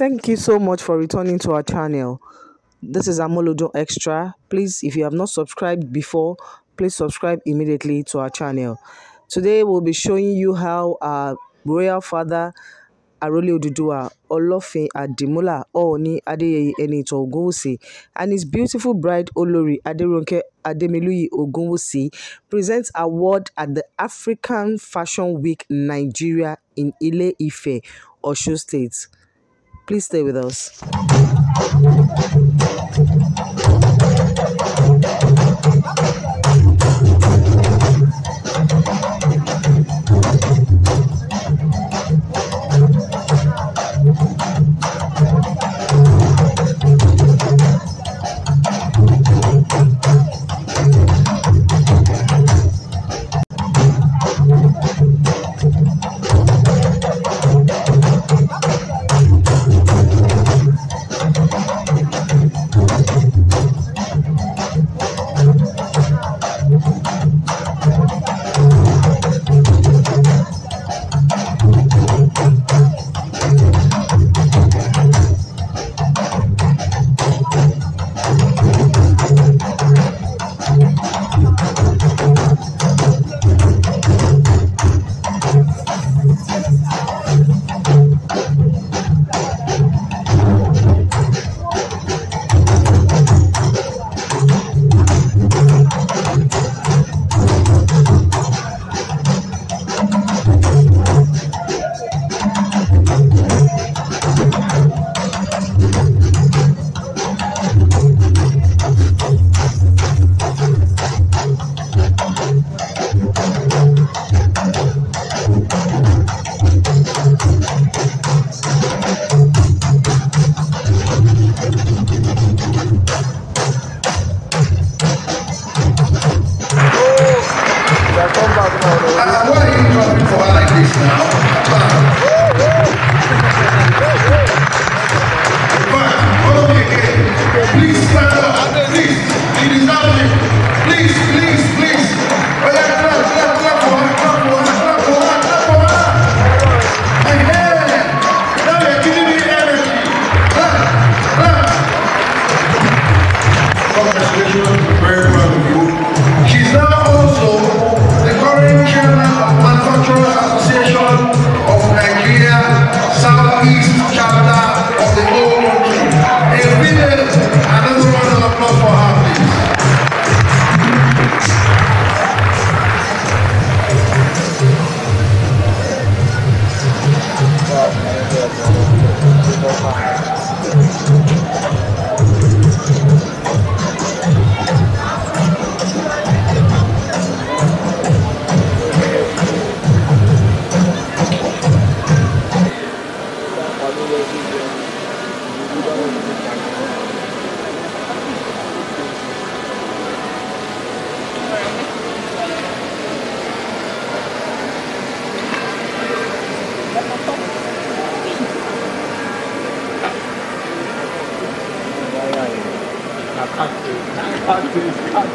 Thank you so much for returning to our channel. This is Amolodo Extra. Please, if you have not subscribed before, please subscribe immediately to our channel. Today, we'll be showing you how our royal father, Arole Odudua, Olofin Adimola Ooni Adeyeye Enito Ogunwusi, and his beautiful bride Olori Aderonke Ademiluyi Ogunwusi presents award at the African Fashion Week Nigeria in Ile-Ife, Osun State. Please stay with us. now. Deus. I can't do it. I can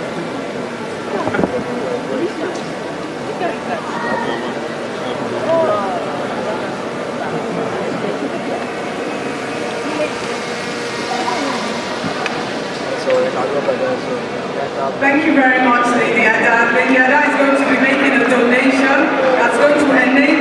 Thank you very much, Lady Ada. Lady Ada is going to be making a donation that's going to enable